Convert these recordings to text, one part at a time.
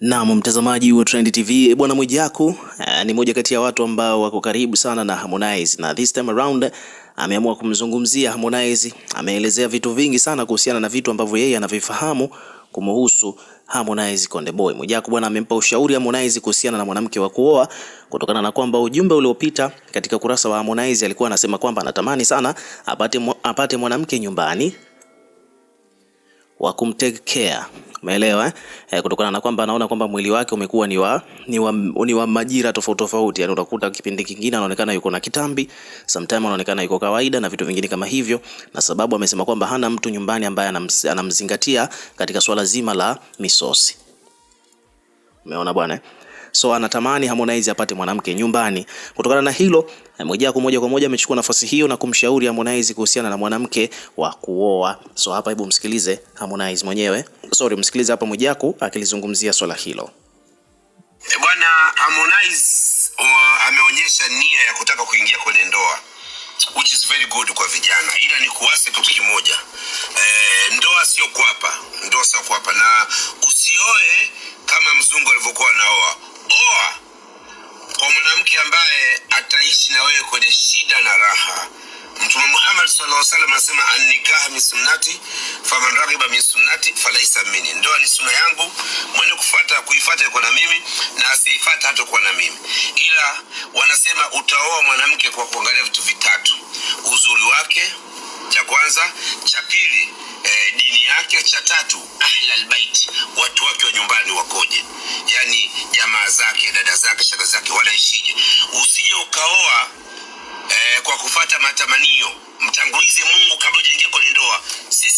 Naam, mtazamaji wa Trend TV, eh, bwana Mwijaku eh, ni moja kati ya watu ambao wako karibu sana na Harmonize, na this time around ameamua kumzungumzia Harmonize. Ameelezea vitu vingi sana kuhusiana na vitu ambavyo yeye anavifahamu kumuhusu Harmonize Konde Boy. Mwijaku bwana amempa ushauri Harmonize kuhusiana na mwanamke wa kuoa kutokana na kwamba ujumbe uliopita katika kurasa wa Harmonize alikuwa anasema kwamba anatamani sana apate, apate mwanamke nyumbani wa kumtake care Umeelewa eh? eh? Kutokana na kwamba anaona kwamba mwili wake umekuwa ni wa ni wa, ni wa majira tofauti tofauti, yani utakuta kipindi kingine anaonekana yuko na kitambi, sometimes anaonekana yuko kawaida na vitu vingine kama hivyo, na sababu amesema kwamba hana mtu nyumbani ambaye anamzingatia katika swala zima la misosi. Umeona bwana eh? so anatamani Harmonize apate mwanamke nyumbani. Kutokana na hilo, Mwijaku moja kwa moja amechukua nafasi hiyo na kumshauri Harmonize kuhusiana na mwanamke wa kuoa. So hapa, hebu msikilize Harmonize mwenyewe, sorry, msikilize hapa Mwijaku akilizungumzia swala hilo. Eh, bwana Harmonize uh, ameonyesha mwanamke ambaye ataishi na wewe kwenye shida na raha. Mtume Muhammad sallallahu alaihi wasallam anasema annikah min sunnati faman raghiba min sunnati falaysa minni, ndoa ni sunna yangu, mwenye kufuata kuifuata kwa na mimi na asiyeifuata hata kwa na mimi. Ila wanasema utaoa mwanamke kwa kuangalia vitu vitatu: uzuri wake, cha kwanza, cha pili eh, dini yake, cha tatu ahlal bait, watu wake wa nyumbani wakoje, yani zake, shaka zake, ishije Usije ukaoa eh, kwa kufata matamanio. Mtangulize Mungu kabla hujaingia kwenye ndoa. Sisi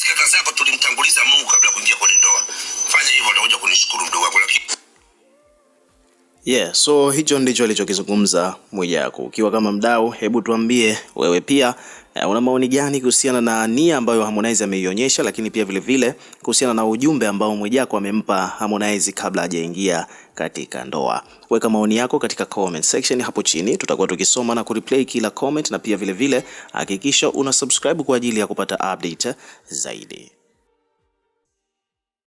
Yeah, so hicho ndicho alichokizungumza Mwijaku. Ukiwa kama mdau, hebu tuambie wewe pia eh, una maoni gani kuhusiana na nia ambayo Harmonize ameionyesha, lakini pia vile vile kuhusiana na ujumbe ambao Mwijaku amempa Harmonize kabla hajaingia katika ndoa. Weka maoni yako katika comment section hapo chini, tutakuwa tukisoma na kureplay kila comment, na pia vile vile hakikisha una subscribe kwa ajili ya kupata update zaidi.